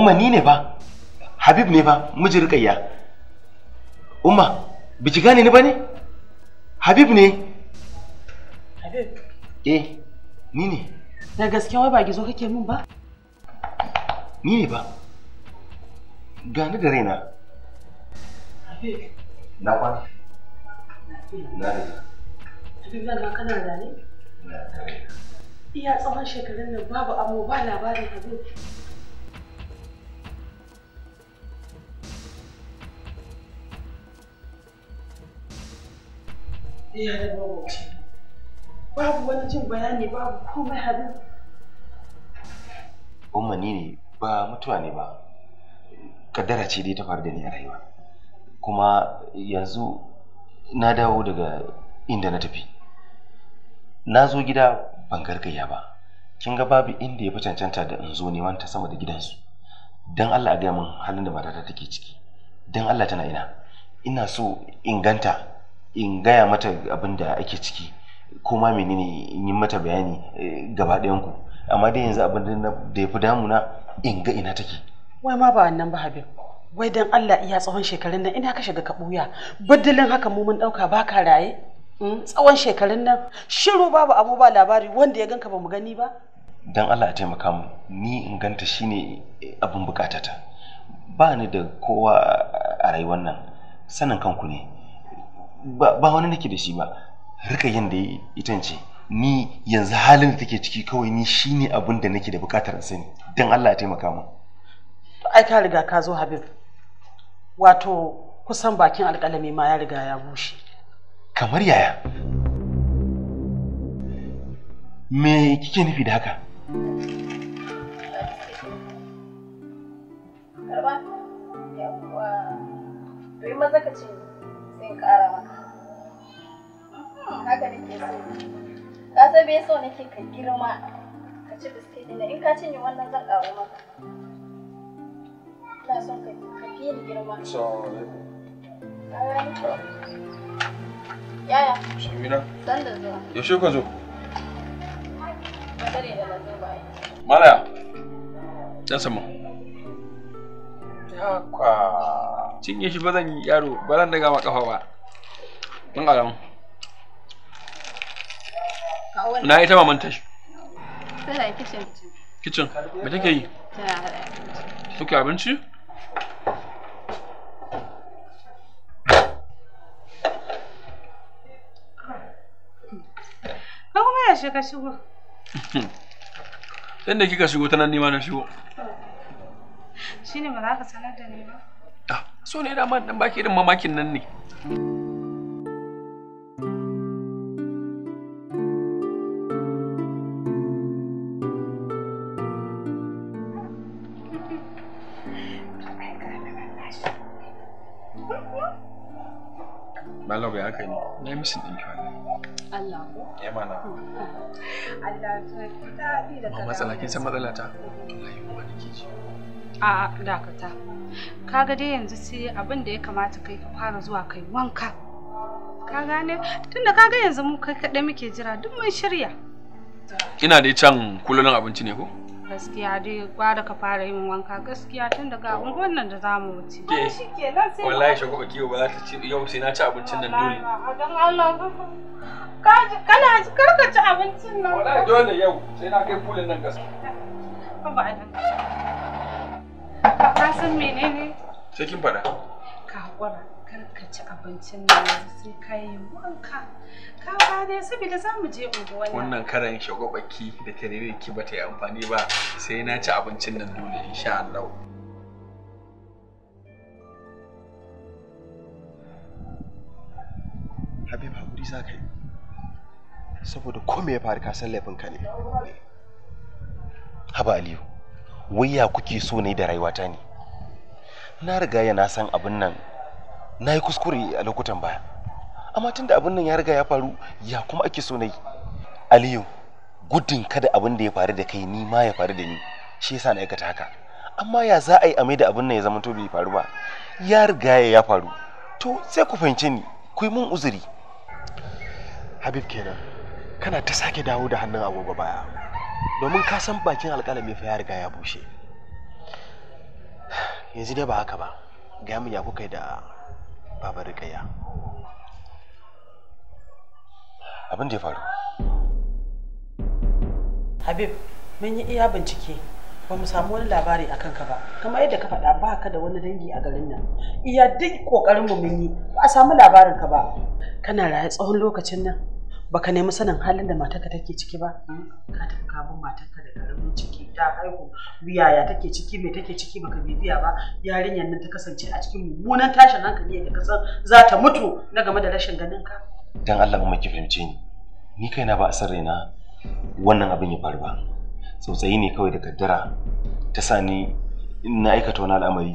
umma ni ne ba habib ne ba miji rikayya umma gane ni ba ne habib ne habib eh ni ne da gaske wai ba gizo kake min ba ni ne ba gani da raina habib na kwana na da habib nan ma kana da ne iya tsawon shekarun nan babu amo ba labarin habib Iya, mawuce. Babu wani jin bayani babu komai haɗu. Umarni ne ba mutuwa ne ba. Kaddara ce dai ta faru da ni a rayuwa. Kuma yanzu na dawo daga inda na tafi. Na zo gida ban gargaya ba. Kin ga babu inda ya fi cancanta da in zo neman ta sama da gidansu. Don Allah a gaya min halin da matata take ciki. Dan Allah tana ina. Ina so inganta in gaya mata abin da ake ciki ma menene in yi mata bayani eh, gaba ku amma dai yanzu abin da ya fi damuna in ga ina take wai ma ba wannan ba habib wai dan Allah iya tsawon shekarun nan ina ka shiga ka buya baddalin haka mu mun dauka ka raye hmm? tsawon shekarun nan shiru babu abu ba labari wanda ya ganka ba mu gani ba dan Allah ya taimaka mu ni in ganta shine eh, abin bukatata ba ni da kowa a rayuwar nan sanin kanku ne ba wani nake da shi ba rika yin da ita ce ni yanzu halin da take ciki kawai ni shine abin da nake da bukatar sani dan Allah ya taimaka mu to ai ka riga ka zo Habib wato kusan bakin alƙalami ma ya riga ya bushe kamar yaya me kike nufi da haka Karba, yawwa, maza ka ce in ƙara maka haka nake so ka san bai so nake ka girma ka ci biskit ɗin in ka cinye wannan zan maka ina son ka fi ni girma yaya shamina da zuwa yaushe ka zo dare da na zo malaya dan yakwa cinye shi ba zan yi yaro ba zan daga ma kafa ba ga alamu na ita ma maman tashi tana kitchen kitchen me take yi tana hada abinci take abinci ka kuma yaushe ka shigo inda kika shigo ta nan nima na shigo shine ba za ka sanar da ni ba so ne dama dan baki irin mamakin nan ne Malam ya aka yi, na yi misin ɗinki Allah ko? Ya mana. Allah ta fi daɗi da kana. Matsala, kin san matsala ta? Allah yi wa da ji. a dakata kaga dai yanzu sai abin da ya kamata kai ka fara zuwa kai wanka ka gane tunda kaga yanzu mu kai kaɗai muke jira duk mun shirya Ina dai can kullunan abinci ne ko gaskiya dai gwada ka fara yin wanka gaskiya tun daga wannan da za mu wuce ke shikenan wallahi shago ba kiwo ba za ta ci yau sai na ci abincin nan dole dan Allah kana karka ci abincin nan wallahi dole yau sai na kai kulun nan gaskiya ba ba Ka san menene? Sai kin faɗa. Ka kar ka ci abincin nan yanzu sai ka yi wanka. Ka ba dai saboda za mu je unguwa nan. Wannan karan shagwabaki da tarire ki bata yi amfani ba sai na ci abincin nan dole insha Allah. Habib hakuri za ka yi. Saboda ko ya faru ka san laifinka ne. Haba Aliyu. Wai ya kuke so ne da rayuwata ne na riga ya na san abin nan na yi kuskure a lokutan baya amma tun da abin nan ya riga ya faru ya kuma ake so ne aliyu gudun kada abin da ya faru da kai ni ma ya faru da ni shi yasa na aikata haka amma ya za a yi amai da abin nan ya zama to bai faru ba ya riga ya faru to sai ku fahimci ni ku yi mun uzuri habib kenan kana ta sake dawo da hannun agogo baya domin ka san bakin alƙalami fa ya riga ya bushe yanzu dai ba haka ba ga min ya kuka da babar rikaya abin da ya faru habib mun yi iya bincike ba mu samu wani labari a kanka ba kama yadda ka faɗa ba ka da wani dangi a garin nan iya duk ƙoƙarin mu mun yi ba a samu labarin ka ba kana raye tsawon lokacin nan baka nemi sanin halin da matarka take ciki ba hmm. ka tafi kabin matarka da karamin ciki ta haihu yaya take ciki mai take ciki baka bibiya ba yarinyar nan ta kasance a cikin mummunan tashin hankali da kasan za ta mutu na game da rashin ganin ka dan Allah mu ki fahimce ni ni kaina ba a san raina wannan abin ya faru ba tsautsayi ne kawai da kaddara ta sa ni na aikata wani al'amari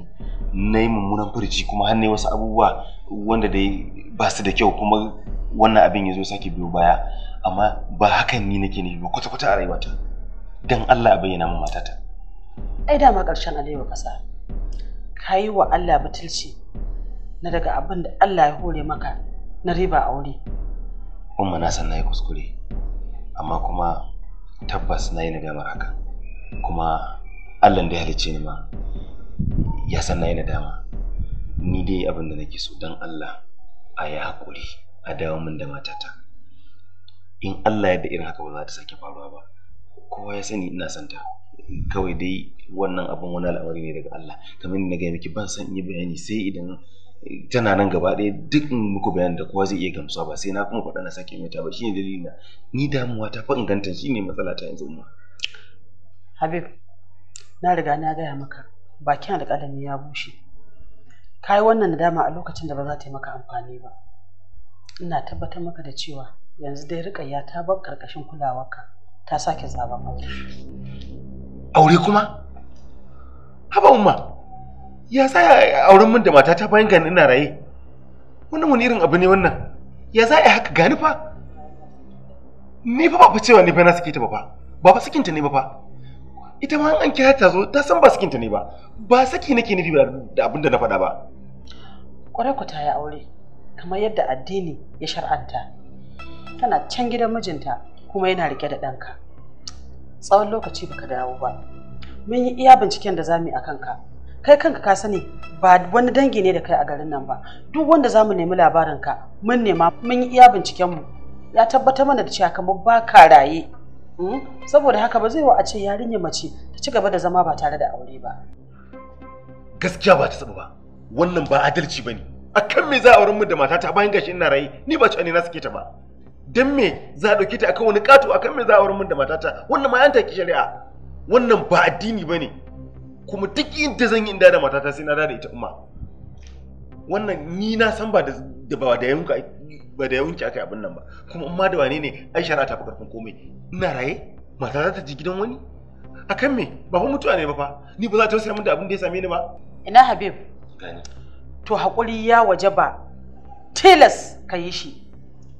na yi mummunan furci kuma har ne wasu abubuwa wanda dai ba su da kyau kuma wannan abin ya zo sake biyo baya amma ba hakan ni nake nufi ba kwata-kwata a rayuwata don Allah a bayyana min matata ai dama ƙarshen alewa ƙasa ka yi wa Allah batulci na daga abin da Allah ya hore maka na riba aure umma na san na yi kuskure amma kuma tabbas na yi nadamar haka kuma Allah da ya halicce ni ma ya san na yi nadama ni dai abin da nake so don Allah a yi haƙuri a dawo min da matata in Allah ya da irin haka ba za ta sake faruwa ba kowa ya sani ina son ta kawai dai wannan abin wani al'amari ne daga Allah kamar na gaya miki ban san in yi bayani sai idan tana nan gaba ɗaya duk in muku bayanin da kowa zai iya gamsuwa ba sai na kuma faɗa na sake mata ba shine dalilina ni damuwa ta fa inganta shine matsala ta yanzu umma Habib na riga na gaya maka bakin alƙalami ya bushe ka yi wannan nadama a lokacin da ba za ta yi maka amfani ba ina tabbatar maka da cewa yanzu dai ya ta bar karkashin kulawarka ta sake zaba aure aure kuma haba umma ya sa auren mun da matata bayan gani ina raye wannan wani irin abu ne wannan ya za a haka gani fa ni fa ba fa cewa ni fa na sake ta ba fa ba fa sakinta ne ba fa ita ma an kira ta zo ta san ba sakinta ne ba ba saki nake nufi da abin da na faɗa ba kwarai ku ta yi aure kamar yadda addini ya shar'anta tana can gidan mijinta kuma yana rike da ɗanka tsawon lokaci baka dawo ba mun yi iya binciken da zamu yi a kanka kai kanka ka sani ba wani dangi ne da kai a garin nan ba duk wanda zamu nemi labarinka mun nema mun yi iya binciken mu, ya tabbatar mana da cewa kamar ba ka raye Hmm? saboda haka ba zai wa a ce yarinya mace ta ci gaba da zama ba tare da aure ba gaskiya ba ta saba ba wannan ba adalci bane kan me za a auren mu da matata bayan gashi ina rayi ni ba ci ne na suke ta ba dan me za a dauke ta akan wani kato akan me za a auren mu da matata wannan ma an ki shari'a wannan ba addini bane kuma duk inda zan yi inda da matata sai na da ita umma wannan ni na san ba da ba da yanka ba da yawanci aka yi abin nan ba kuma in ma da wane ne ai shari'a ta fi karfin komai ina raye mata za ta ji gidan wani A kan me ba fa mutuwa ne ba fa ni ba za ta min da abin da ya same ni ba ina habib gani to hakuri ya waje ba tilas ka yi shi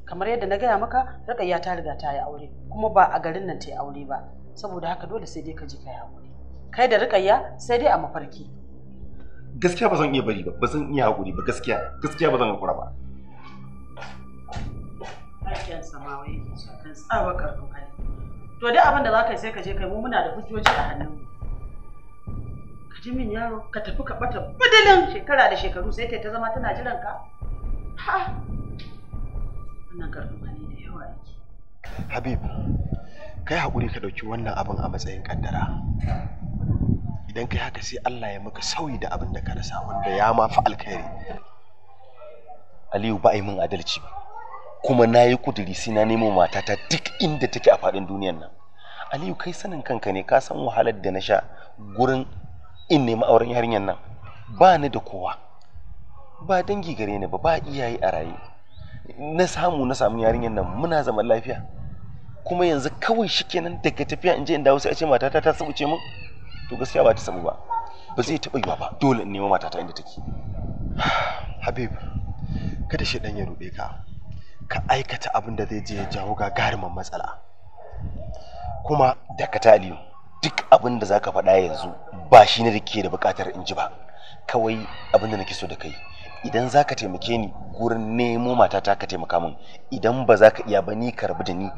kamar yadda na gaya maka raƙayya ta riga ta yi aure kuma ba a garin nan ta yi aure ba saboda haka dole sai dai ka ji ka yi aure kai da rikayya sai dai a mafarki gaskiya ba zan iya bari ba ba zan iya hakuri ba gaskiya gaskiya ba zan hakura ba aikin samawa yake so kan tsawa karfin hali to dai abin da za ka yi sai ka je kai mu muna da hujjoji a hannun ka ji min yaro ka tafi ka bata budulin shekara da shekaru sai ta zama tana jiran ka ha wannan karfin hali da yawa yake habib kai haƙuri ka ɗauki wannan abin a matsayin ƙaddara idan kai haka sai Allah ya maka sauyi da abin da ka rasa wanda ya ma fi alkhairi Aliyu ba a yi min adalci ba kuma na yi kuduri sai na nemo matata duk inda take a faɗin duniyan nan aliyu kai sanin kanka ne ka san wahalar da na sha gurin in nemi auren yarinyar nan ba ni da kowa ba dangi gare ni ba ba iyaye a raye na samu na samu yarinyar nan muna zaman lafiya kuma yanzu kawai shikenan daga tafiya in je in dawo sai a ce matata ta ce mun? to gaskiya ba ta sabu ba ba zai taɓa yiwa ba dole in nemi matata inda take habib kada shi dan ya rube ka ka aikata abin da zai je ya jawo gagarumin matsala kuma dakata aliyu duk abin da za ka faɗa yanzu ba shi ne da ke da buƙatar in ji ba kawai abin da nake so da kai idan za ka taimake ni gurin nemo matata ka taimaka min idan ba za ka iya ba ni ka rabu da ni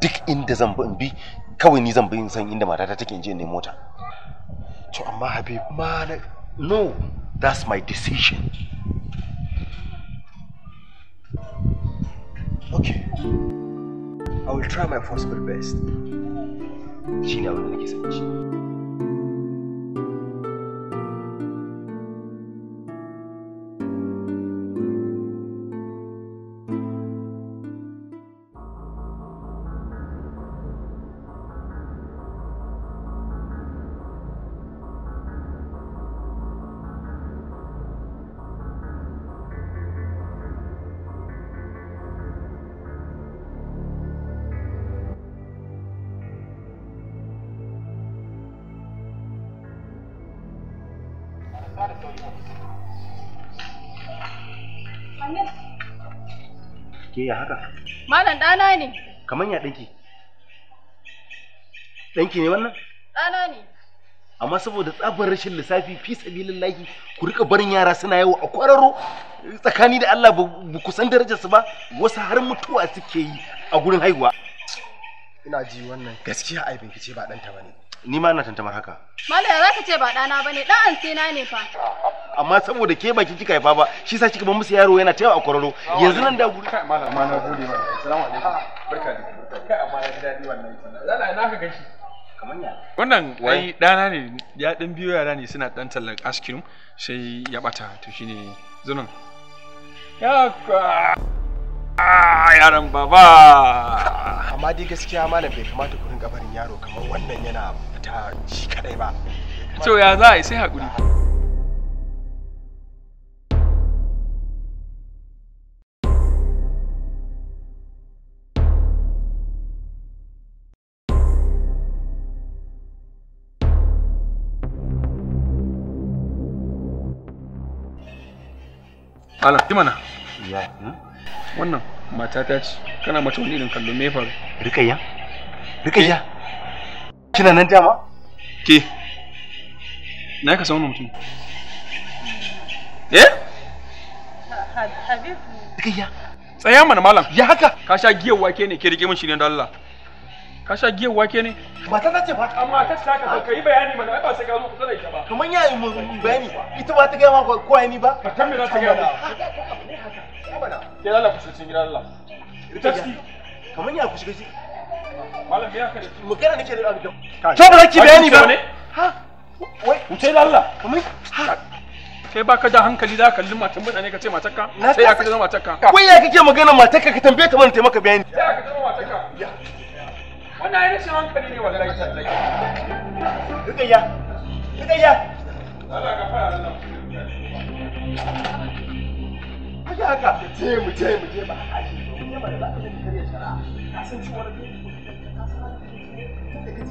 duk inda zan bi in bi kawai ni zan bi in san inda matata take in je in nemo ta to amma habib ma no that's my decision Okay. I will try my possible best. She never gonna kiss kamar ya ɗanki ɗanki ne wannan ɗana ne amma saboda tsabar rashin lissafi fi sabilillahi ku rika barin yara suna yawo a kwararo tsakani da Allah ba ku san darajar su ba wasu har mutuwa suke yi a gurin haihuwa ina ji wannan gaskiya ai ce ba ɗanta ne. ni ma ina tantamar haka mala ya zaka ce ba dana bane dan ansina ne fa amma saboda ke baki kika haifa ba shi sa kika ban musu yaro yana taiwa a kwararo yanzu nan da guri malam ma na gode malam assalamu alaikum barka da barka amma ya dadi wannan lala ina ka gashi wannan wai dana ne ya dan biyo yara ne suna dan tallan ice cream sai ya bata to shine zunun. ya ah, yaran baba amma dai gaskiya malam bai kamata ku ringa barin yaro kamar wannan yana abu ta shi kadai ba to ya za a yi sai haƙuri Ala, mana? Ya. Hmm? Wannan mata ta ce, kana mata wani irin kallon me Rikayya? kina nan dama ke na ka san wannan mutum eh habibu kiyya tsaya mana malam ya haka ka sha giyar wake ne ke rike min shi ne da Allah ka sha giyar wake ne ba ta ce ba amma ta ta ka kai bayani mana ai ba sai ka zo kusa da ita ba kaman ya yi mun bayani ita ba ta ga ma ko ai ni ba ka tambaye ta ga ba ke lalla ku shi cin gidan Allah ita ce kaman ya ku shiga ciki Malam me haka da shi? Magana nake da Abdul. To ba zaki bayani ba. da ba ka da hankali da ka ce matarka sai ya kaje matarka wai ya kake magana matarka ka tambaye ta mana ta maka bayani sai ya kaje matarka wannan ai rashin hankali ne wallahi tallahi dukaiya dukaiya Allah ka fara Allah haka haka ce mu ce mu je ba haka ne ba da za ka je ka shari'a ka san shi wani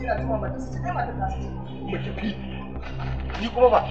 tana tuma mata su ce kai mata ta su. Ba ki fi. Ni kuma ba.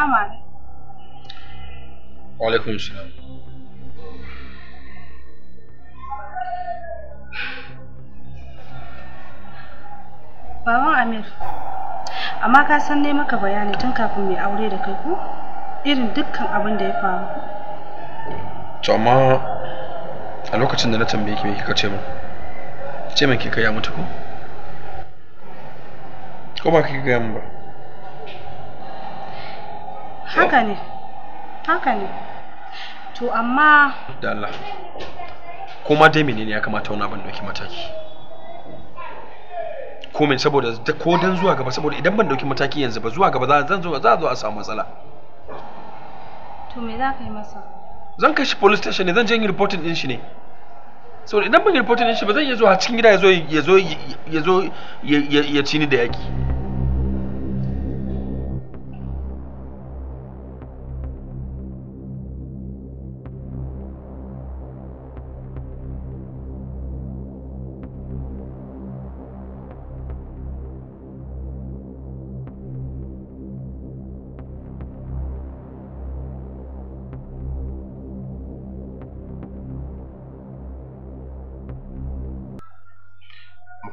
Assalamu alaikum. Wa alaikum salam. Baban Amir, amma ka san ne maka bayani tun kafin mai aure da kai ko irin dukkan abin da ya faru. To amma a lokacin da na tambaye ki me kika ce min? Ce min kika ya mutu ko? Ko ba kika ga mun ba? haka ne haka ne to amma da Allah kuma dai menene ya kamata wani abin dauki mataki komin saboda ko dan zuwa gaba saboda idan ban dauki mataki yanzu ba zuwa gaba zan zo za zo a samu matsala to me za ka yi masa zan kai shi police station ne zan je yin reporting din shi ne saboda idan ban reporting din shi ba zan iya zuwa cikin gida ya zo ya zo ya zo da yaki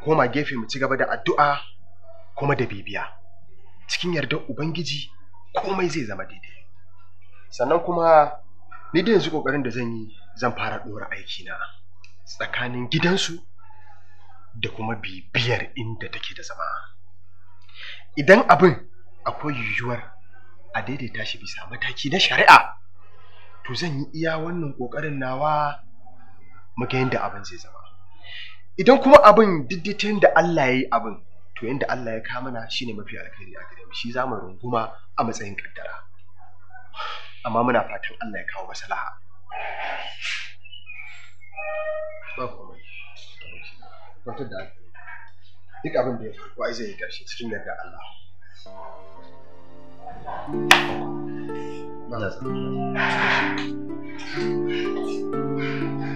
koma gefe mu ci gaba da addu'a kuma da bibiya cikin yardar ubangiji komai zai zama daidai sannan kuma ni da yanzu kokarin da zan yi zan fara dora aiki na tsakanin gidansu da kuma bibiyar inda take da zama idan abin akwai yiwuwar a daidaita shi bisa mataki na shari'a to zan yi iya wannan kokarin nawa ga yadda abin zai zama idan kuma abin didditin da Allah ya yi abin to yadda Allah ya kama na shine mafi alkhairi a gare mu shi za mu runguma a matsayin kaddara amma muna fatan Allah ya kawo maslaha ba duk abin da ya faru ai zai karshe cikin yadda Allah Thank you.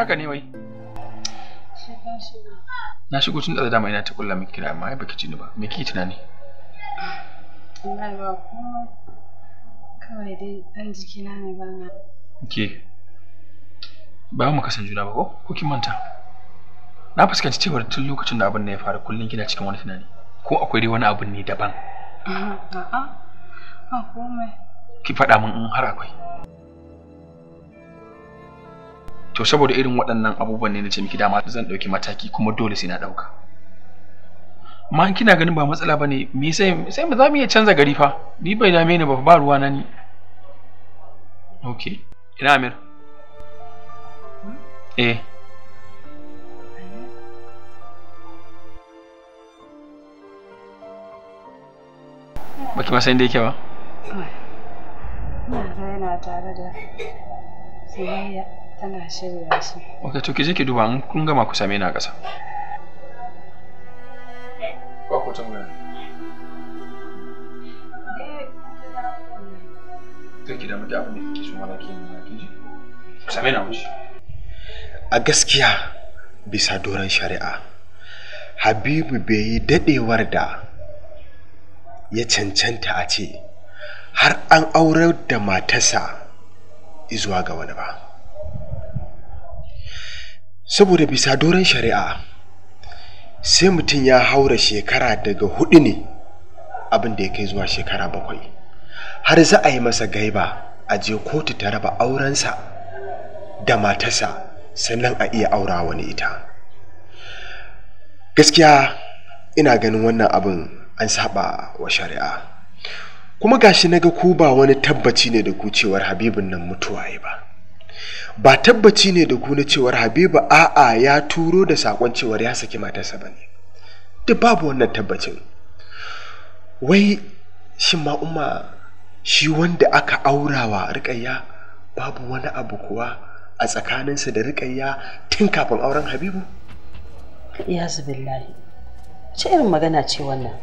haka ne wai na shigo tun da dama ina ta kulla miki kira amma ai baki ba me kike tunani ba kawai dai dan na ne ba na ke ba mu kasan juna ba ko ko kin manta na fuskanci cewa tun lokacin da abin da ya faru kullun kina cikin wani tunani ko akwai dai wani abin ne daban a'a ki faɗa min in har akwai to saboda irin waɗannan abubuwan ne na ce miki dama zan ɗauki mataki kuma dole sai na ɗauka ma in kina ganin ba matsala bane me sai ba za mu iya canza gari fa ni bai dame ni ba ba ruwa na ni okay ina amir hmm? eh baki ma san inda yake ba ina tare da soyayya Tana shirya shi. Ok, to ki je ki duba in kun gama ku same ni a ƙasa. Ba ku tambaya. Eh. ki da a A gaskiya bisa doron shari'a Habibu bai yi dadewar da ya cancanta a ce har an aurar da matarsa izuwa ga wani ba. saboda bisa doron shari'a sai mutum ya haura shekara daga hudu ne abin da ya kai zuwa shekara bakwai har za a yi masa gaiba a je kotu ta raba aurensa da matarsa sannan a iya aura wani ita gaskiya ina ganin wannan abin an saba wa shari'a kuma gashi na ga ku ba wani tabbaci ne da ku cewar habibin nan mutuwa ba ba tabbaci ne da ku na cewar habibu a'a ya turo da saƙon cewar ya saki matarsa ba ne duk babu wannan tabbacin wai shi ma'umma shi wanda aka aurawa rikayya babu wani abu kuwa a tsakaninsa da rikayya tun kafin auren habibu ya billahi ce irin magana ce wannan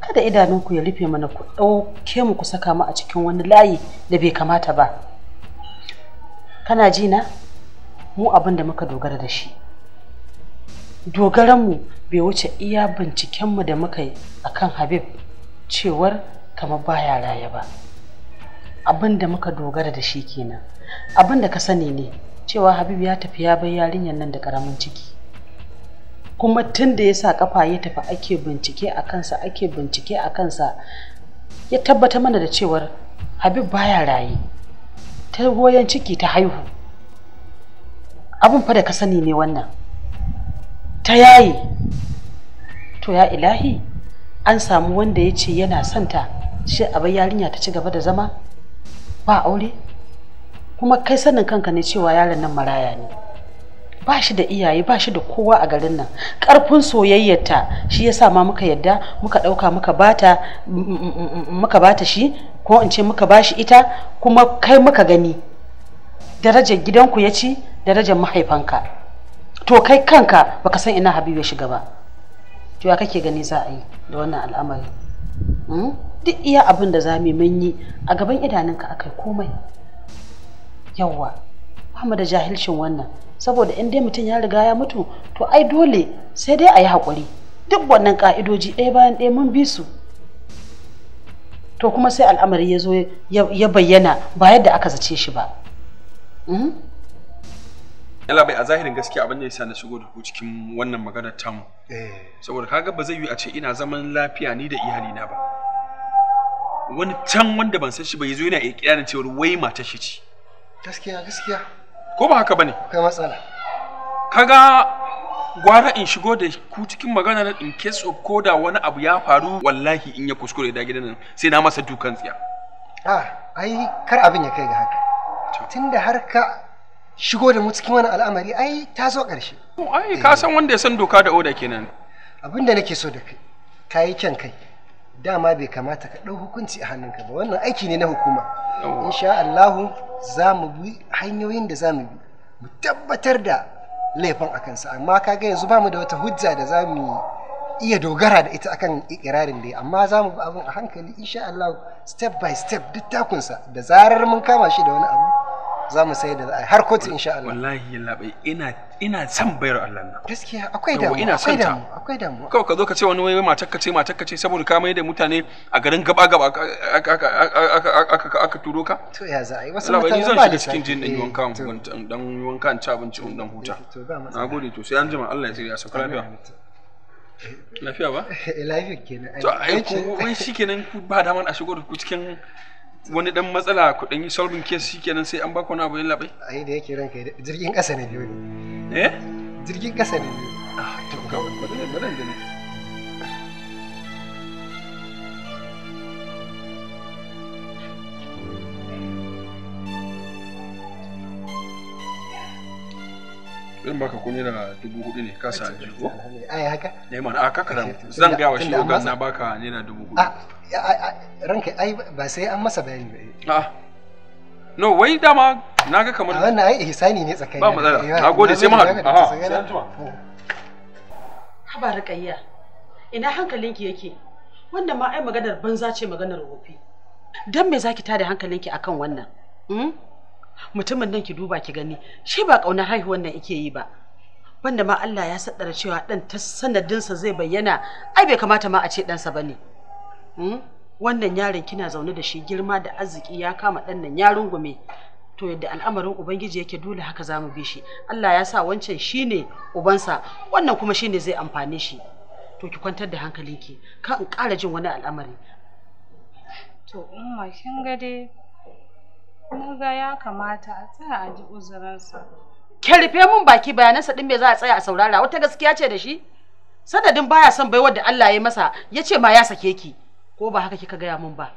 kada idanunku ya rufe mana ku ɗauke mu ku saka mu a cikin wani layi da bai kamata ba kana ji na mu abin da muka dogara da shi dogaranmu bai wuce iya binciken mu da muka yi a kan habib cewar kama baya raye ba abin da muka dogara da shi kenan abin da ka sani ne cewa habib ya tafi ya bar yarinyar nan da karamin ciki kuma tun da ya sa kafa ya tafi ake bincike a kansa ake bincike a kansa ya tabbata mana da cewar habib baya raye ta goyon ciki ta haihu abin fa da ka sani ne wannan ta yayi to ya ilahi an samu wanda ya ce yana santa shi a yarinya ta ci gaba da zama ba aure kuma kai sanin kanka ne cewa yaron nan maraya ne ba shi da iyaye ba shi da kowa a garin nan ƙarfin soyayyarta shi ya sa ma muka yadda muka ɗauka muka bata shi ko in ce muka bashi ita kuma kai muka gani darajar gidanku ya ci darajar mahaifanka to kai kanka baka san ina habibu ya shiga ba to ya kake gani za a yi da wannan al'amari hmm? duk iya abin da za mu yi a gaban idanunka akai komai yawwa ba mu da jahilcin wannan saboda in dai mutum ya riga ya mutu to ai dole sai dai a yi haƙuri duk wannan ka'idoji ɗaya bayan ɗaya mun bi su to kuma sai al'amari ya zo ya bayyana ba yadda aka zace shi ba hmm? yala bai a zahirin gaskiya abin da sa na shigo da ku cikin wannan maganar tamu eh. saboda kaga ba zai yi a ce ina zaman lafiya ni da iyali na ba wani can wanda ban san shi ba yazo yana ikirarin cewa wai matar shi ce gaskiya gaskiya ko ba haka bane akwai matsala kaga gwara in shigo da ku cikin magana na in case of ko da wani abu ya faru wallahi in ya kuskure da gidan nan sai na masa dukan tsiya a ah, ai kar abin ya kai ga haka tunda har ka shigo da mu cikin wani al'amari ai ta zo ƙarshe ai ka san wanda ya san doka da oda kenan abin da nake so da kai kayi kyan kai dama bai kamata ka ɗau hukunci a hannunka ba wannan aiki ne na hukuma insha Allahu za mu bi hanyoyin da za mu bi mu tabbatar da laifin a kansa amma kaga yanzu ba mu da wata hujja da za mu iya dogara da ita akan ikirarin da amma za mu bi abin a hankali insha Allah step by step duk takunsa da zarar mun kama shi da wani abu za mu sai da za a har kotu insha Allah wallahi labai ina ina son bayar Allah na gaskiya akwai damu ina akwai damu akwai damu kawai ka zo ka ce wani wai matar ka ce matar ka ce saboda ka mai da mutane a garin gaba gaba aka turo ka to ya za a yi wasu mutane zan shiga cikin jin dan wanka dan eh, wanka in ci abinci in dan huta eh, na gode to sai an jima Allah ya tsira sauka lafiya lafiya ba eh, lafiya kenan to ai ko wai shikenan ba daman a shigo da ku cikin wani dan matsala ku dan yi solving case shikenan sai an ba ku wani abu yin labai ai da yake ranka jirgin kasa ne biyo ne eh jirgin kasa ne biyo ah to ga wannan da ne in baka kuni naira dubu hudu ne ka sa ajiyo ai haka ne eh, man a kakaran zan ga wa shi na baka na dubu hudu ah. ranka ai ba sai an masa bayani ba a ah. no wai dama naga kamar wannan ai ihsani ne tsakani ba matsala gode sai mu haɗu aha sai an tuma oh. haba rikayya ina hankalinki yake wanda ma ai maganar banza ce maganar wofi dan me zaki tada hankalinki akan wannan hmm? mutumin nan ki duba ki gani shi ba kauna haihuwar nan yake yi ba wanda ma Allah ya saddara cewa dan ta sanadinsa zai bayyana ai bai kamata ma a ce ɗansa bane ne Hmm? wannan yaron kina zaune da shi girma da arziki ya kama ɗan nan ya rungume to yadda al'amarin ubangiji yake dole haka zamu bi shi Allah ya sa wancan shine ubansa wannan kuma shine zai amfane shi to ki kwantar da hankalinki ka in ƙara jin wani al'amari to in ma kin ga dai ga ya kamata a tsaya a ji uzurinsa ke rufe mun baki bayanansa din me za a tsaya a saurara wata gaskiya ce da shi sanadin baya son baiwar da Allah ya masa ya ce ma ya sake ki ko ba haka kika gaya min ba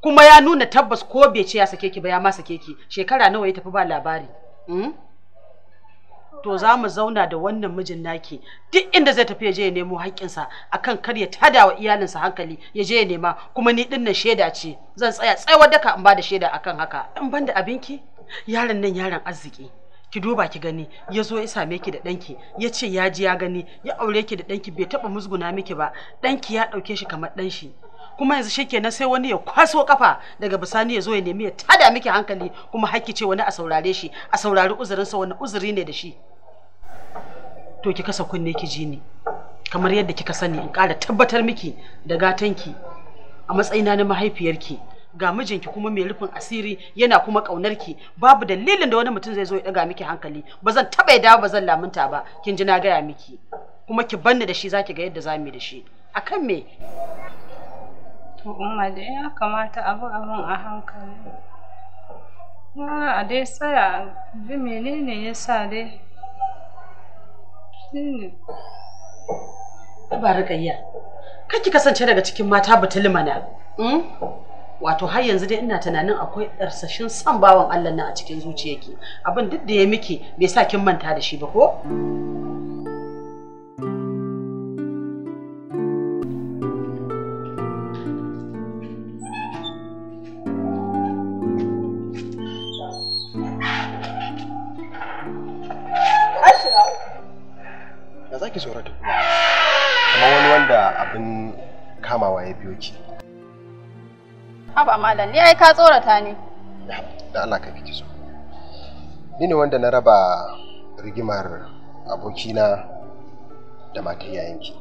kuma ya nuna tabbas ko bai ce ya sake ki ba ya ma sake ki shekara nawa ya tafi ba labari hmm? to za mu zauna da wannan mijin naki duk inda zai tafi ya je ya nemo haƙƙinsa akan kar ya tada wa iyalinsa hankali ya je ya nema kuma ni din nan shaida ce zan tsaya tsayawar daka in ba da shaida akan haka in ban da abinki yaron nan yaron arziki ki duba ki gani ya zo ya same ki da ɗanki ya ce ya ji ya gani ya aure ki da ɗanki bai taɓa musguna miki ba ɗanki ya ɗauke shi kamar ɗan shi kuma yanzu kenan sai wani ya kwaso kafa daga bisani ya zo ya nemi ya tada miki hankali kuma hakki ce wani a saurare shi a saurari uzurinsa wani uzuri ne da shi to ki kasa kunne ki ji ni kamar yadda kika sani in ƙara tabbatar miki da gatanki a matsayina na mahaifiyarki ga mijinki kuma mai rufin asiri yana kuma kaunar ki babu dalilin da wani mutum zai zo ya daga miki hankali ba zan taba yadda ba zan lamunta ba kin ji na gaya miki kuma ki banni da shi zaki ga yadda za yi da shi akan me to umma da ya kamata abu abun a hankali a dai tsaya bi menene ya sa dai shine ba rakayya kake kasance daga cikin mata butulmana mm? wato har yanzu dai ina tunanin akwai ɗarsashin son bawan Allah na a cikin zuciyarki abin duk da ya miki bai sa kin manta da shi ba ko Ya wani wanda abin kamawa ya biyo ki. Haba malam, ni ai ka tsorata ni. Da Allah ka fiki so. Ni ne wanda na raba rigimar abokina da matar yayanki.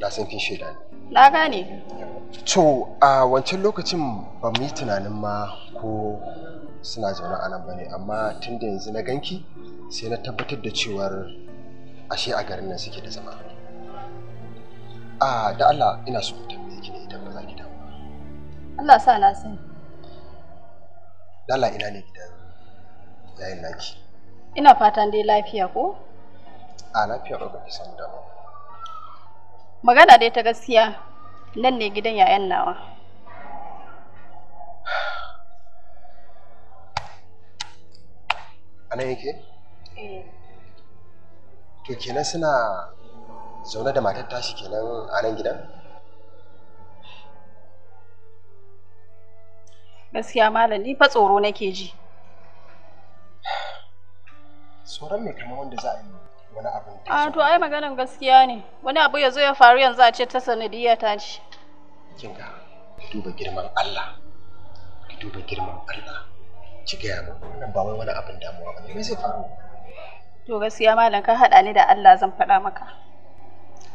Na san kin shaida ne. Na gane. To, a wancan lokacin ba mu yi tunanin ma ko suna zaune a nan bane amma tun da yanzu na ganki sai na tabbatar da cewar ashe a garin nan suke da zama. A da Allah ina so mutum. Allah sa na sani. Lala ina ne gidan yayin naki. Ina fatan dai lafiya ko? A lafiya ko ba ki da ba. Magana dai ta gaskiya nan ne gidan yayan nawa. Ana yake? Eh. To kenan suna zaune da matar tashi kenan a nan gidan? gaskiya malam ni fa tsoro nake ji tsoron me kamar wanda za a yi wani abin a ah, to ai maganan gaskiya ne wani abu ya zo ya faru yanzu a ce ta sanadiyya ta ce kinga duba girman Allah ki duba girman Allah ki ga min wannan ba wai wani abin damuwa ba me zai faru to gaskiya malam ka haɗa ni da Allah zan faɗa maka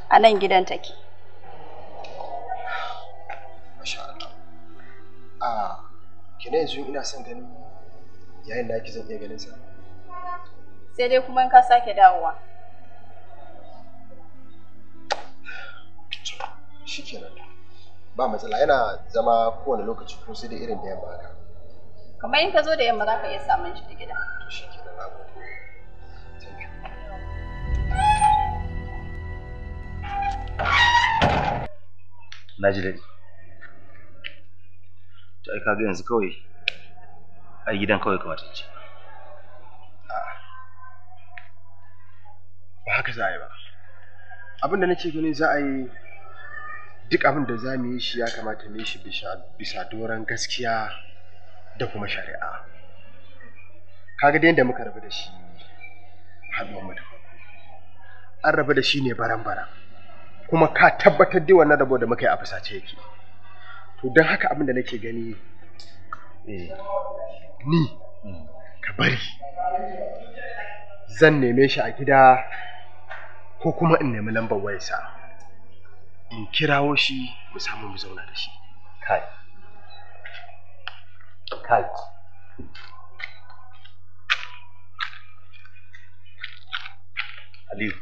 a nan gidan take masha Allah ah kina yanzu ina son ganin yayin da ake zan iya ganin sa sai dai kuma in ka sake dawowa kenan ba matsala yana zama kowane lokaci ko sai dai irin da yamma haka kamar in ka zo da yamma za ka iya samun shi da gida Na ji daɗi. to ai kaga yanzu kawai ai gidan kawai kamata ce ah. ba haka za a yi ba abin da nake gani za a yi duk abin da za mu yi shi ya kamata mu yi shi bisa doron gaskiya da kuma shari'a kaga da yadda muka rabu da shi haɗuwar mu da an rabu da shi ne baran-baran kuma ka tabbatar da wannan rabo da muka yi a fusace yake to don haka abin da nake gani eh, ni ka bari zan neme shi a gida ko kuma in nemi lambar wayarsa in kirawo shi mu samu mu zauna da shi kai kai Aliyu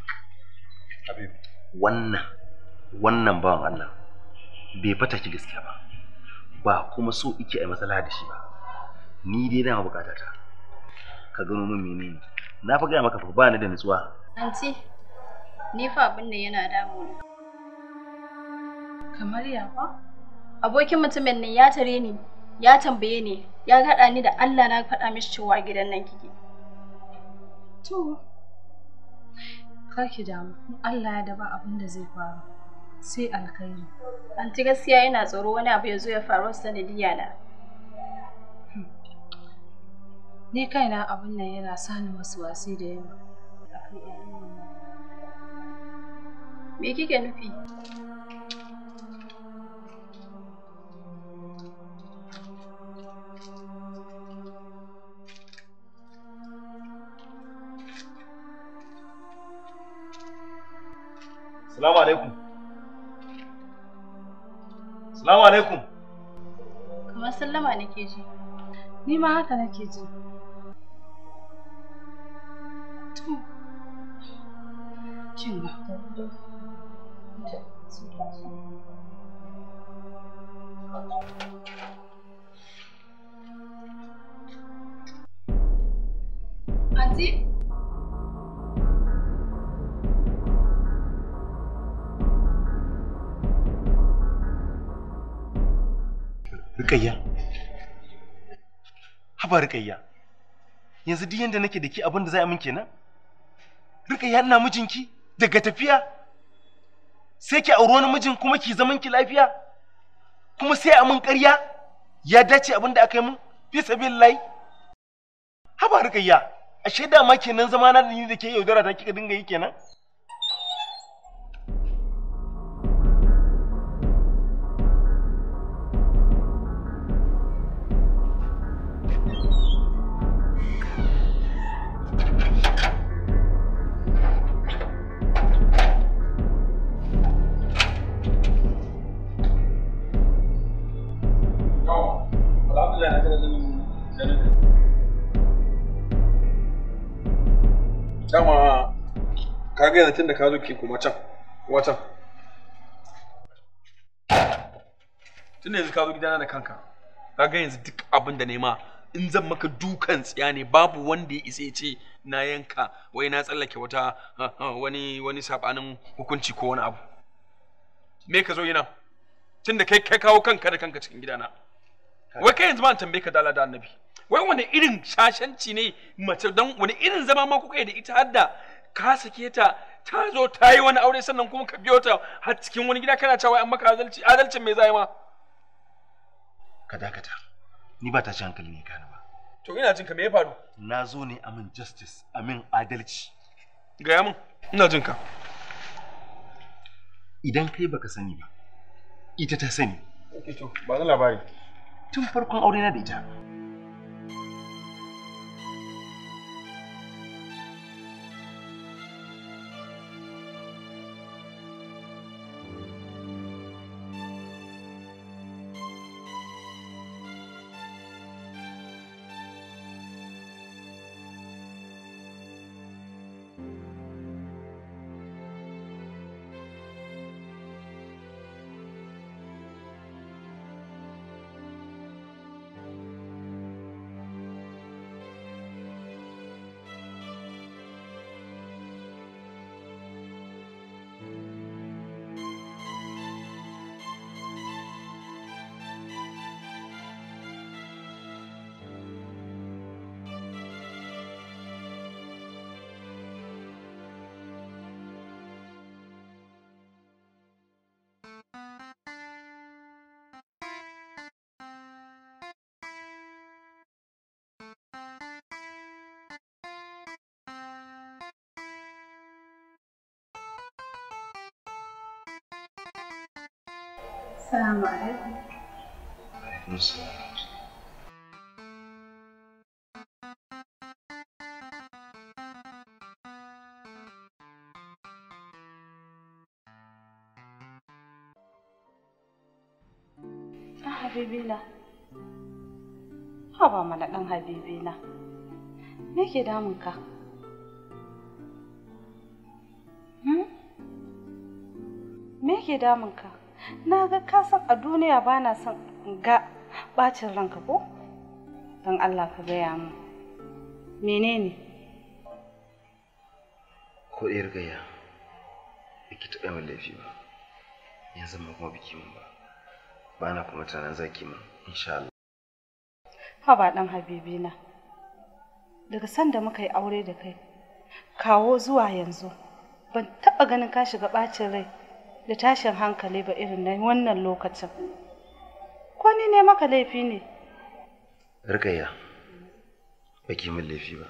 wannan wannan bawan Allah bai fata ki gaskiya ba ba kuma so ike a matsala da shi ba ni dai dama bukata ta ka gano min menene na fa gaya maka fa ba ni da nutsuwa anti ni fa abin nan yana damuwa. kamar ya fa abokin mutumin nan ya tare ni ya tambaye ni ya gaɗa ni da Allah na faɗa mishi cewa gidan nan kike to kar ki damu in Allah ya da ba abin da zai faru sai alkhairi anti gaskiya yana tsoro wani abu ya zo ya faru sanadiyya na hmm. ni kaina abin nan yana sani wasu wasi da yawa me kike nufi Salamu alaikum. Salamu alaikum. Kamar sallama nake ji. Ni ma haka nake ji. To. Shin Auntie, Rukayya. Haba riƙayya Yanzu duk yanda nake da ki abin da za a min kenan? riƙayya ina mijinki daga tafiya. Sai ki auri wani mijin kuma ki zaman ki lafiya. Kuma sai a min ƙarya. Ya dace abinda da aka yi min? Fi sabilillahi. Haba Rukayya. Ashe dama kenan zamana da ni da ke yaudara ta kika dinga yi kenan? kaga yanzu tun da ka zo ke kuma can watan tun da yanzu ka zo gidana da kanka kaga yanzu duk abin da nema in zan maka dukan tsiya ne babu wanda ya isa ce na yanka wai na tsallake wata wani wani sabanin hukunci ko wani abu me ka zo yana tun da kai kai kawo kanka da kanka cikin gidana wai kai yanzu ma tambaye ka dala da annabi wai wani irin shashanci ne mace dan wani irin zama ma kuka yi da ita har da ka sake ta ta zo ta yi wani aure sannan kuma ka biyo ta har cikin wani gida kana cewa an maka adalci adalcin mai zai ma ka dakata ni ba ta ci hankali ne kana ba to ina jin ka me ya faru na zo ne amin justice amin adalci gaya min ina jin ka idan kai baka sani ba ita ta sani okay to ba labari tun farkon aure na da ita Assalamu ah, Habibina. Haba mana ɗan Habibina. Me Me ke damun ka? Hmm? na ga ka san a duniya ba na son ga bacin ranka ko don allah ka gaya mu menene ko iyar gaya ki taɓa yawan laifi ba yanzu ma kuma biki mun ba ba na kuma tunanin zaki mun insha Allah ha ba dan habibi na daga sanda muka yi aure da kai kawo zuwa yanzu ban taɓa ganin ka shiga ɓacin rai da tashin hankali ba irin na wannan lokacin ko ni ne maka laifi ne rikayya ba ki min laifi ba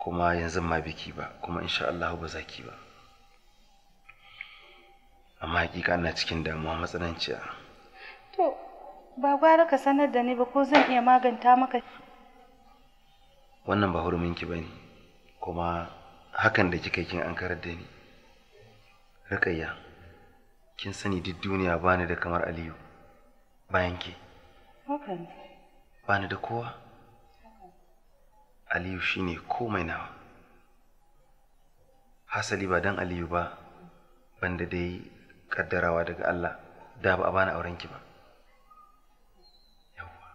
kuma yanzu ma biki ba kuma insha Allah ba za ki ba amma hakika ina cikin damuwa matsananciya to ba gwara ka sanar da ni ba ko zan iya maganta maka wannan ba huruminki ba ne kuma hakan da kika kin an karar da ni Rakayya, kin sani duk duniya ni da kamar Aliyu bayan ke. ni da kowa. Aliyu shi ne komai nawa. Hasali ba don Aliyu ba, banda dai kaddarawa daga Allah, da ba a bani aurenki ba. Yawwa.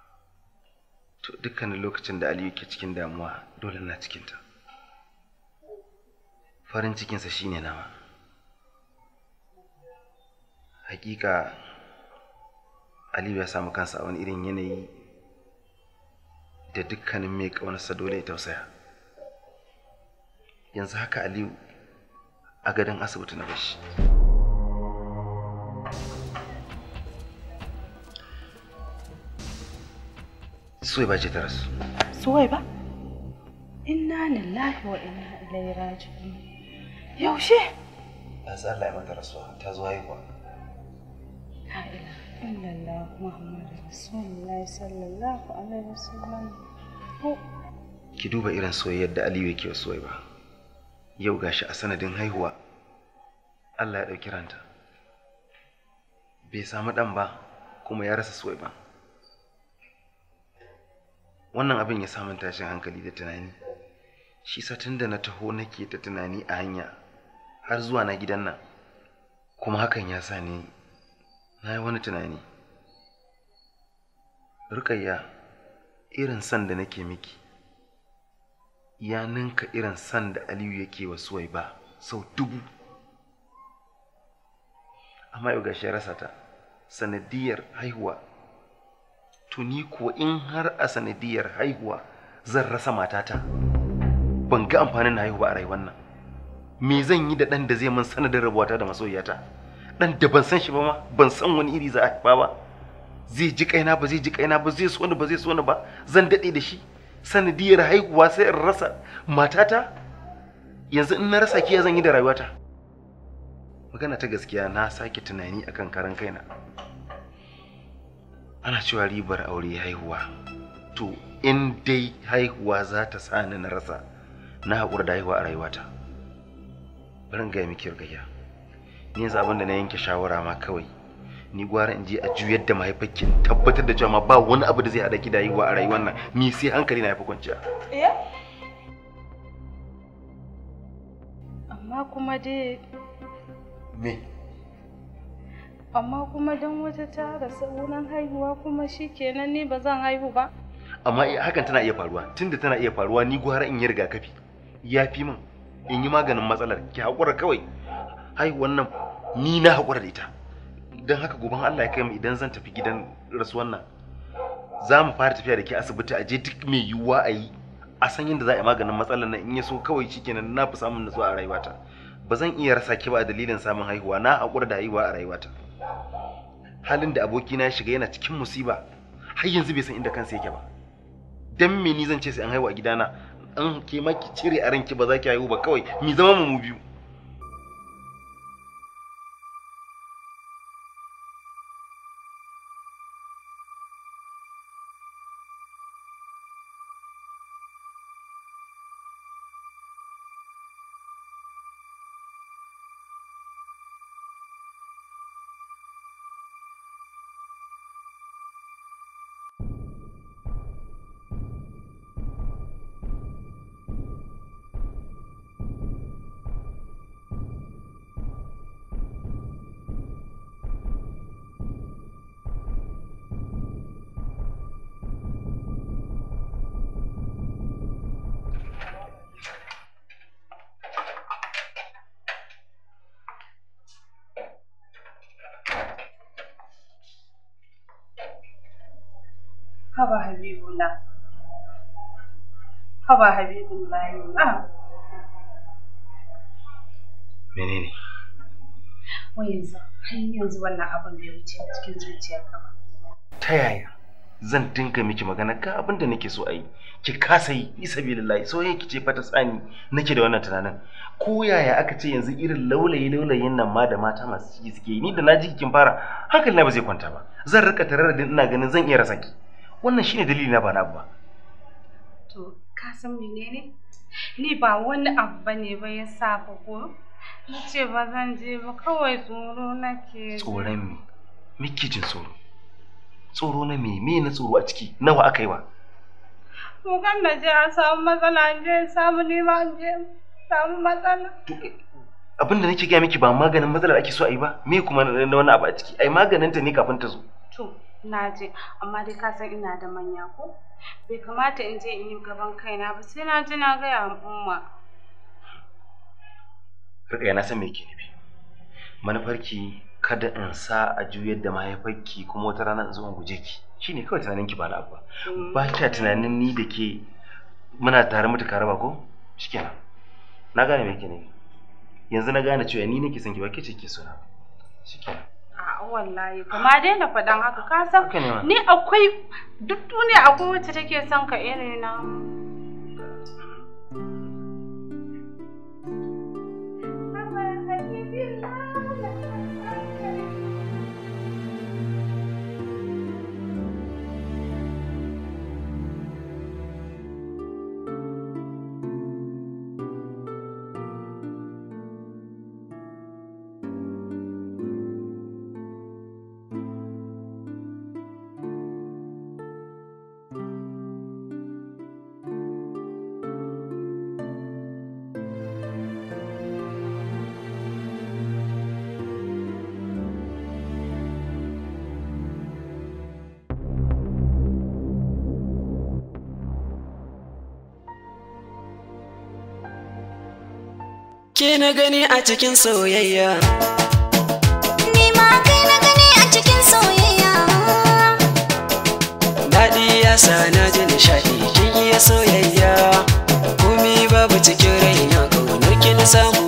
To dukkanin lokacin da Aliyu ke cikin damuwa, dole na cikinta. Farin cikinsa shi ne nawa. hakika aliyu ya samu kansa a wani irin yanayi da dukkanin mai ƙaunarsa dole ya tausaya yanzu haka aliyu a gadon asibiti na bashi suwai ba ce ta rasu suwai ba inna lillahi wa inna ilaihi raji'un yaushe ta zala ya mata rasuwa ta zo haihuwa Muhammadu sallallahu alaihi wasallam. Ki duba irin soyayyar da Aliyu yake wa Suwaiba. Yau gashi a sanadin haihuwa Allah ya ɗauki ranta. Bai samu ɗan ba kuma ya rasa Suwaiba. Wannan abin ya samun tashin hankali da tunani. Shi satin da na taho nake ta tunani a hanya har zuwa na gidan nan. Kuma hakan ya sa ni na yi wani tunani rukayya irin san da nake miki ya ninka irin san da aliyu yake wa suwai ba sau dubu amma yau gashi rasa ta sanadiyar haihuwa tuni kuwa in har a sanadiyar haihuwa zan rasa matata ban ga amfanin haihuwa a rayuwar nan me zan yi da ɗan da zai min sanadin rabuwata da masoyiyata dan da ban san shi ba ban san wani iri za a haifa ba zai ji kaina ba zai ji kaina ba zai so ni ba zai so ni ba zan daɗe da shi sanadiyar haihuwa sai in rasa matata yanzu in na rasa ki zan yi da rayuwata magana ta gaskiya na sake tunani akan karan kaina ana cewa ribar aure haihuwa to in dai haihuwa za ta sa ni na rasa na haƙura da haihuwa a rayuwata bari in gaya miki rigayya ni yanzu abin da na yanke shawara ma kawai ni gwara in je a juyar da mahaifarki tabbatar da cewa ba wani abu da zai haɗa ki da a rayuwar nan ni sai hankali na yafi kwanciya eh? amma kuma dai me amma kuma don wata ta rasa wurin haihuwa kuma shikenan ni ba zan haihu ba amma eh, hakan tana iya faruwa tunda tana iya faruwa ni gwara in yi rigakafi ya fi min in yi maganin matsalar ki haƙura kawai haihuwan wannan ni na haƙura da ita don haka goban Allah ya kai mu idan zan tafi gidan rasuwan nan za mu fara tafiya da ke asibiti a je duk mai yiwuwa a yi a san yadda za a yi maganin matsalar nan in ya so kawai kenan na fi samun nutsuwa a rayuwata ba zan iya rasa ki ba a dalilin samun haihuwa na haƙura da haihuwa a rayuwata halin da abokina ya shiga yana cikin musiba har yanzu bai san inda kansa yake ba dan me ni zan ce sai an haihu a gidana an ke ma ki cire a ranki ba za ki haihu ba kawai mi zama mu biyu haba habibullah haba habibullah na ah. menene wai yanzu har yanzu wannan abin bai wuce a cikin zuciyarka ba ta yaya zan dinga miki magana ga abin da nake so a yi ki kasa yi isa billahi so yake ce fata tsani nake da wannan tunanin ko yaya aka ce yanzu irin laulayi laulayin nan ma da mata masu ciki suke ni da naji kin fara hankali na ba zai kwanta ba zan rika tararadin ina ganin zan iya rasa ki wannan shine dalili na ba na ba to ka san menene ni ba wani abu bane ba ya sa ba ko ce ba zan je ba kawai tsoro nake tsoron me miki jin tsoro tsoro na me me na tsoro a ciki nawa aka yi wa to kan na je a samu matsala an je samu ni ma an je samu matsala abin da nake gaya miki ba maganin matsalar ake so a yi ba me kuma na wani abu a ciki ai maganin ta ne kafin ta zo to naje amma dai ka san ina da manya ko? Bai kamata in je in yi gaban kaina ba sai na ji na gaya wa umma. Rika na san me ke nufi. Manufarki kada in sa a juyar da mahaifarki kuma wata rana in zo in guje ki. Shine kawai tunanin ki ba na abu Ba mm. kya tunanin ni da ke muna tare mutu karaba ko? Shikenan. Na gane me ke nufi. Yanzu na gane cewa ni nake son ki ba ke ce ke suna. Shikenan. wallahi kuma daina faɗan haka ka san ni akwai duk duniya akwai wacce take son ka irina Thank you. ke na gani a cikin soyayya ni ma kai na gani a cikin soyayya daɗi ya sa na ji nishaɗi kin iya soyayya komi babu cikin raina kaunar kin samu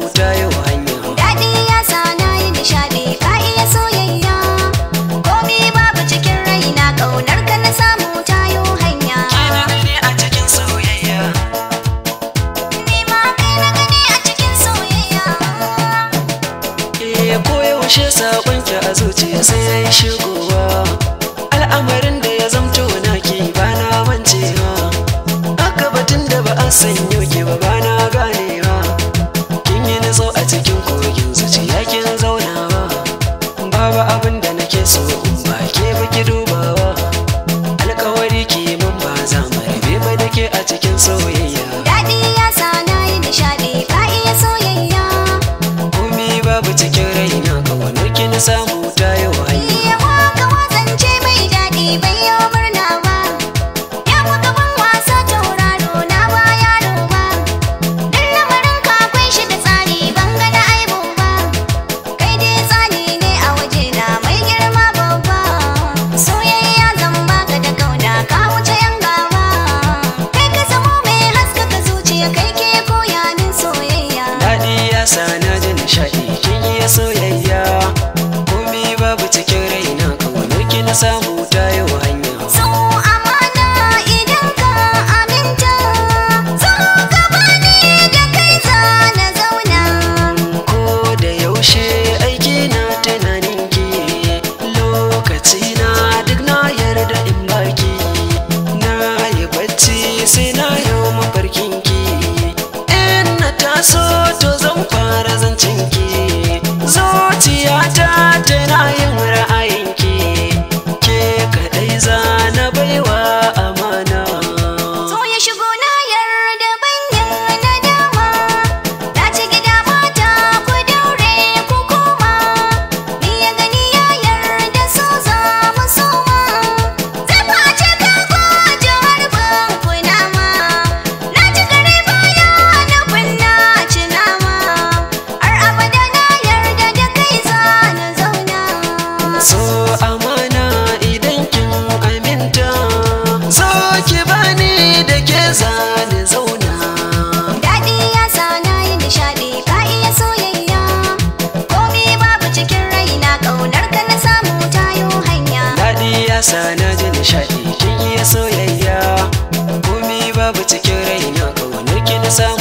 ta hanya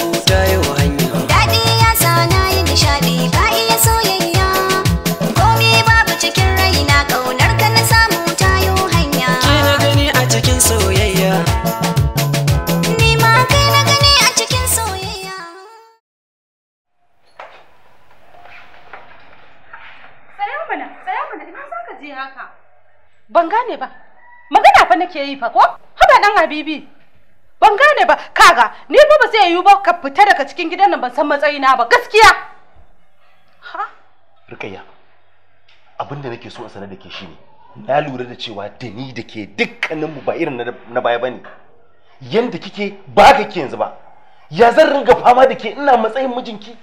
daɗi ya sa na yi nishaɗi ka iya soyayya komi babu cikin raina ka na samu ta yi hanya ke na gani a cikin soyayya ma kai na gani a cikin soyayya ina ka ban gane ba magana fa nake yi fa ko haɗa ɗan habibi ban gane ba kaga ni fa ba sai yiwu ba ka fita daga cikin gidan nan ban san matsayina ba gaskiya ha rikayya abin da nake so a sanar da ke shine na lura da cewa da ni da ke dukkanin mu ba irin na baya bane yanda kike ba ka ke yanzu ba ya zan ringa fama da ke ina matsayin mijinki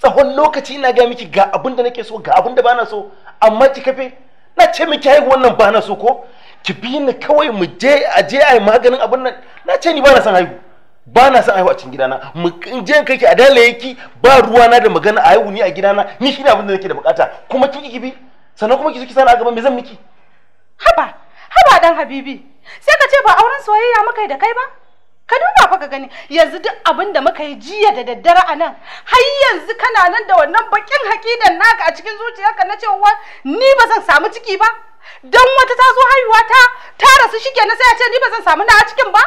tsawon lokaci ina ga miki ga abin da nake so ga abin da bana so amma ki kafe na ce miki haihuwan nan bana so ko ki bi ni kawai mu je a je a yi maganin abin nan na ce ni ba na son haihu ba na san haihu a cikin gidana mu in je kai ki a ba ruwa na da magana a haihu ni a gidana ni shine abin da nake da bukata kuma ki ki bi sannan kuma ki zo ki sani a gaba me zan miki haba haba dan habibi sai ka ce ba auren soyayya muka yi da kai ba ka duba fa ka gani yanzu duk abin da muka yi jiya da daddare a nan har yanzu kana nan da wannan bakin hakidan naka a cikin zuciyarka na cewa ni ba zan samu ciki ba don wata ta zo haihuwa ta ta rasu shi na sai a ce ni ba zan samu na cikin ba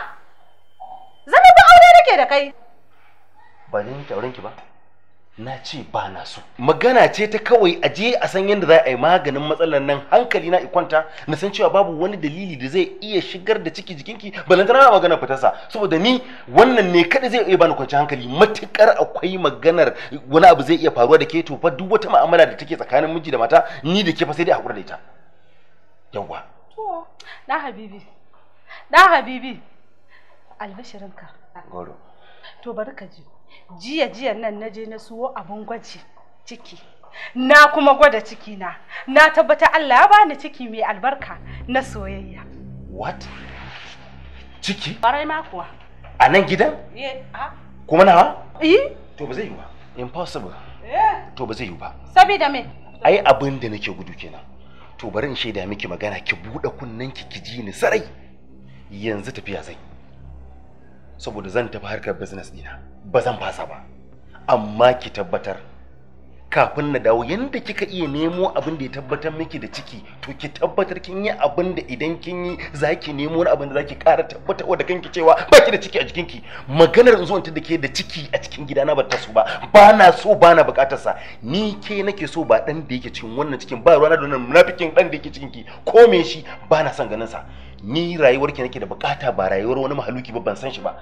zama ba aure nake da kai ba ni nake aurenki ba na ce ba na so magana ce ta kawai a je a san yadda za a yi maganin matsalar nan hankali na ikwanta na san cewa babu wani dalili da zai iya shigar da ciki jikinki balantana na magana fitarsa saboda ni wannan ne kada zai iya bani kwanci hankali matukar akwai maganar wani abu zai iya faruwa da ke to fa duk wata ma'amala da take tsakanin miji da mata ni da ke fa sai dai a hakura da ita yawwa to da habibi da habibi albishirinka goro to bari ka ji jiya jiya nan naje na suwo abun gwaji ciki na kuma gwada ciki na na tabbata Allah ya bani ciki mai albarka na soyayya what ciki barai ma kuwa a nan gidan eh kuma nawa eh to ba zai yi ba impossible eh to ba zai yi ba sabida me ai abin da nake gudu kenan to bari in shaida miki magana ki buɗe kunnenki ki ji ni sarai yanzu tafiya zai saboda zan tafi harkar business dina ba zan fasa ba amma ki tabbatar kafin na dawo yadda kika iya nemo abin da ya tabbatar miki da ciki to ki tabbatar kin yi abin da idan kin yi za ki nemo wani abin da za zaki ƙara tabbatarwa da kanki cewa ba ki da ciki a jikinki maganar in zo da ke da ciki a cikin gidana na bata so ba ba na so ba na buƙatar sa ni ke nake so ba dan da yake cikin wannan cikin ba ruwa na da munafikin dan da yake cikin ki ko me shi ba na son ganin sa ni rayuwar ki nake da bukata ba rayuwar wani mahaluki ba ban san shi ba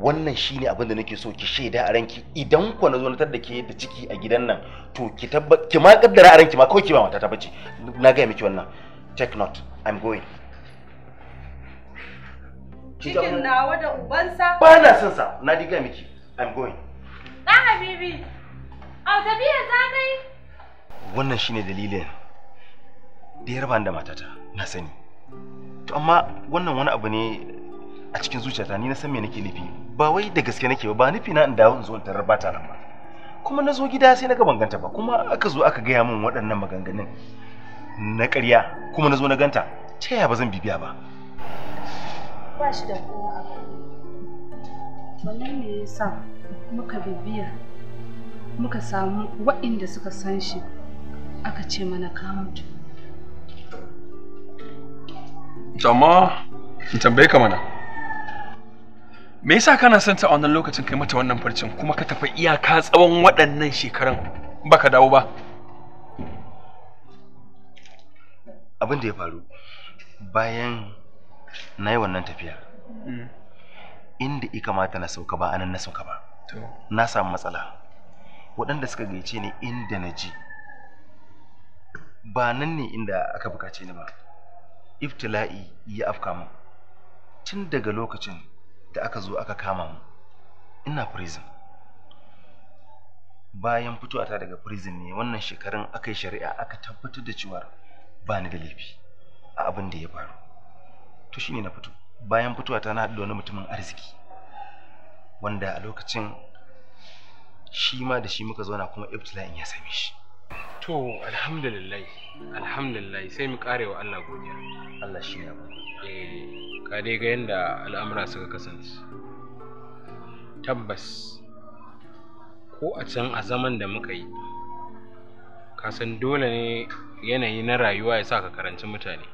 wannan shine abin da nake so ki shaida a ranki idan ku na zo na da ke da ciki a gidan nan to ki tabbat ki ma kaddara a ranki ma kawai ki ba mata ta bace na ga miki wannan take note i'm going cikin nawa da ubansa ba na son sa na diga miki i'm going na habibi au tafiya ta kai wannan shine dalilin da ya da matata na sani to amma wannan wani abu ne a cikin zuciyata ni na san me nake nufi ba wai da gaske nake ba ba nufi na in dawo in zo in tarar bata nan ba kuma na zo gida sai na ga banganta ganta ba kuma aka zo aka gaya min waɗannan maganganun na ƙarya kuma na zo na ganta ta yaya ba zan bibiya ba ba shi da kowa a wannan ne yasa muka bibiya muka samu waɗanda suka san shi aka ce mana ka mutu to amma in tambaye ka mana me yasa kana son ta a wannan lokacin kai mata wannan farcin kuma ka tafi iyaka tsawon waɗannan shekaran baka dawo ba abin da ya faru bayan na yi wannan tafiya mm. inda ya kamata na sauka ba anan na sauka ba na samu matsala waɗanda suka gaice ni inda na ji ba nan ne inda aka bukace ni ba iftila'i ya afka mu tun daga lokacin da aka zo aka kama mu ina prison bayan fitowata daga prison ne wannan shekarun aka yi shari'a aka tabbatar da cewa ba ni da laifi a abin da ya faru to shine na fito bayan fitowata na haɗu da wani mutumin arziki wanda a lokacin shi ma da shi muka zauna kuma ibtila'in ya same shi To alhamdulillah alhamdulillah sai mu kare wa Allah godiya. Allah shi ya Eh ka ga yadda al'amura suka kasance. Tabbas ko a can a zaman da muka yi kasan dole ne yanayi na rayuwa ya sa ka karanci mutane.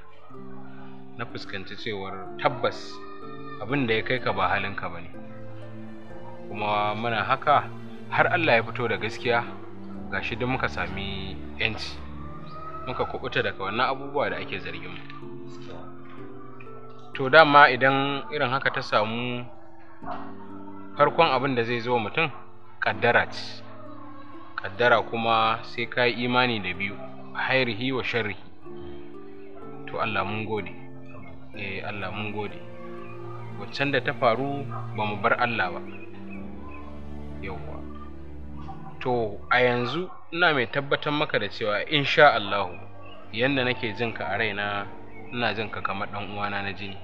Na fuskanci cewar tabbas abin da ya kai ka ba halinka ba ne. Kuma muna haka har Allah ya fito da gaskiya gashi duk muka sami yanci muka kubuta daga wannan abubuwa da ake zargin mu to dama idan irin haka ta samu farkon abin da zai zo mutum kaddara ce kaddara kuma sai ka yi imani da biyu hairihi wa sharrihi to Allah mun gode eh Allah mun gode waccan da ta faru ba mu bar Allah ba yawwa to a yanzu ina mai tabbatar maka da cewa insha Allahu yanda nake jin ka a raina ina jin ka kamar dan uwana na jini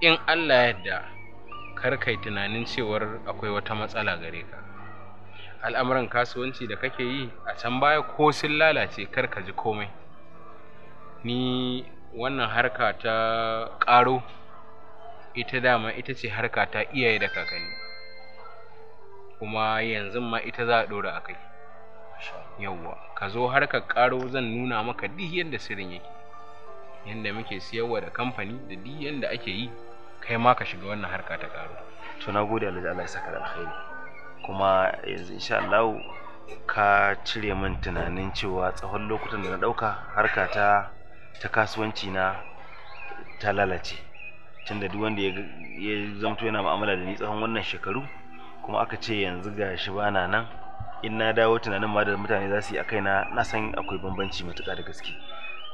in Allah ya yarda kar kai tunanin cewar akwai wata matsala gare ka al'amuran kasuwanci da kake yi a can baya ko sun lalace kar ka ji komai ni wannan harka ta ƙaro ita dama ita ce harka ta iyaye da kakanni kuma yanzu ma ita za a ɗora a kai yawwa ka zo har ka ƙaro zan nuna maka duk yadda sirrin yake yadda muke siyarwa da kamfani da duk yadda ake yi kai ma ka shiga wannan harka ta ƙaro to na gode alhaji Allah ya saka da alkhairi kuma yanzu insha Allah ka cire min tunanin cewa tsawon lokutan da na ɗauka harka ta ta kasuwanci na ta lalace tunda duk wanda ya zamto yana mu'amala da ni tsawon wannan shekaru kuma aka ce yanzu ga shi bana nan in na dawo tunanin ma da mutane za su yi a kaina na san akwai bambanci matuƙa da gaske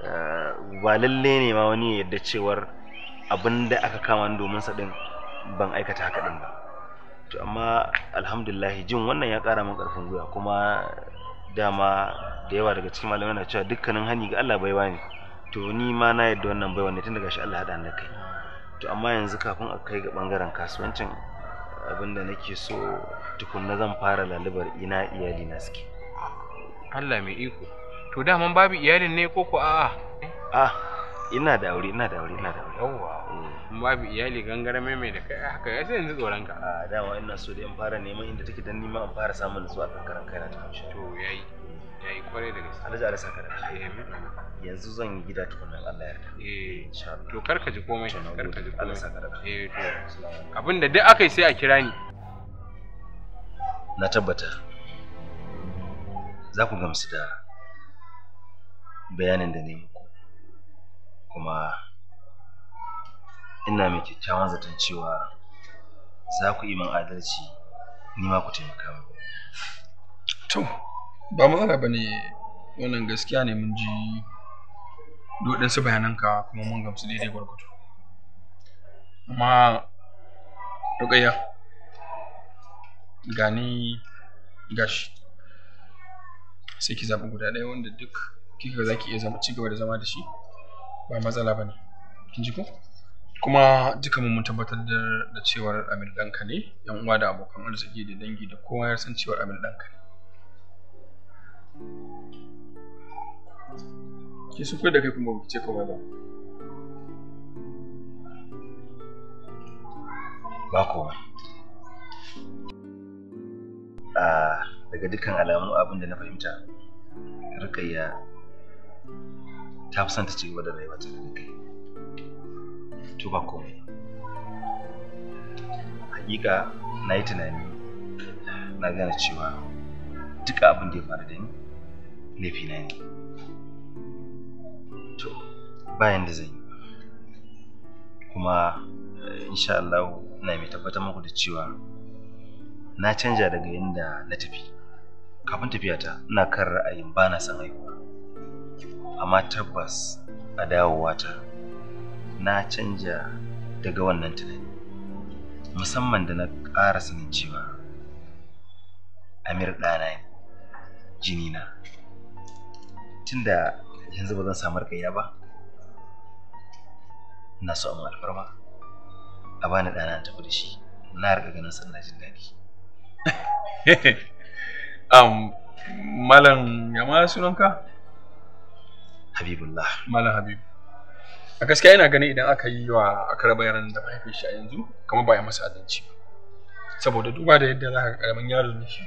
eh, ba lalle ne ma wani yadda cewar abin da aka kama ni domin sa din ban aikata haka din ba to amma alhamdulillah jin wannan ya ƙara min ƙarfin gwiwa kuma dama da yawa daga cikin malamai na cewa dukkanin hani ga Allah baiwa ne to ni ma na yadda wannan baiwa ne tun daga shi Allah haɗa da kai to amma yanzu kafin a kai ga bangaren kasuwancin abinda nake so tukunna zan fara lalubar ina iyali na suke Allah mai iko to daman babu iyalin ne ko ko A ah ina da aure ina da aure ina da aure yawa babu iyali gangara mai mai da kai haka ya sai yanzu tsoron ka a dama ina so da in fara neman inda take dan nima in fara samun nutsuwa kan karan kaina ta to yayi ya yi kwarai da gaske alhaji ala saka da yanzu zan yi gida tukunan Allah ya yarda eh, to karka ji komai karka ji komai eh to abinda duk aka yi sai a kira ni na tabbata za ku gamsu da bayanin da ne muku kuma ina mai kyakkyawan zaton cewa za ku yi min adalci ni ma ku taimaka mu to ba matsala ba ne wannan gaskiya ne mun ji doɗinsu bayananka kuma mun gamsu daidai gwargwato amma rukayya gani gashi sai ki zaɓi guda ɗaya wanda duk kika za ki iya zama ci gaba da zama da shi ba matsala ba ne kin ji ko kuma duka mun tabbatar da cewar amir ɗanka ne yan uwa da abokan arziki da dangi da kowa ya san cewar amir ɗanka ne ki su da kai kuma ce kuma ba ba kuma. a ah, daga dukkan alamu abin da na fahimta rikayya ta fi santa cewa da rayuwa ta da kai to ba komai hakika na yi tunani na gane cewa duka abin da ya faru da ni laifi na ne to bayan da zai kuma eh, insha Allah ina mai tabbatar muku da cewa na canja daga yadda na tafi kafin tafiya ta ina kan ra'ayin ba na son haihuwa amma tabbas a dawowa ta na canja daga wannan tunani musamman da na ƙara sanin cewa amir ɗana ne na. abincin da yanzu ba zan samar gaya ba na so in alfarma a bani dana ta tafi da shi na riga ganin sun na jin daɗi um, malam ya ma sunanka habibullah malam habibu a gaskiya ina ganin idan aka yi wa akara bayanan da mahaifin shi a yanzu kamar ba ya masa adalci ba saboda duba da yadda za ka karamin yaro ne shi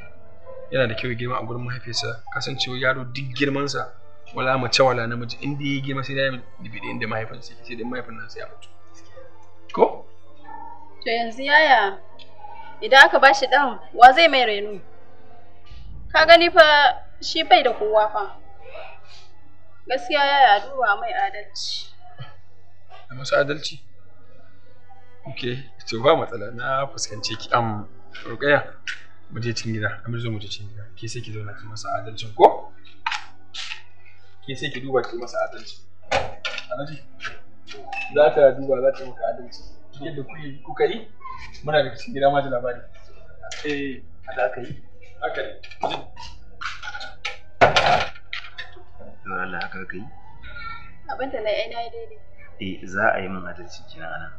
yana da kyau girma a gurin mahaifinsa kasancewa yaro duk girmansa wala mace wala namiji inda ya girma sai ya dibide inda mahaifinsa sai dai mahaifin nan sai ya mutu ko to yanzu yaya idan aka ba shi dan wa zai mai reno ka gani fa shi bai da kowa fa gaskiya yaya duba mai adalci a masu adalci ok to ba matsala na fuskance ki am rukaya mu je cin gida amir zo mu je cin gida ke sai ki zauna ki masa adalcin ko ke sai ki duba ki masa adalci alhaji za ta duba za ta maka adalci yadda kuka yi muna da cikin gida ma labari eh haka aka yi haka ne Allah haka aka yi abin da na yi daidai eh za a yi min adalci kina anan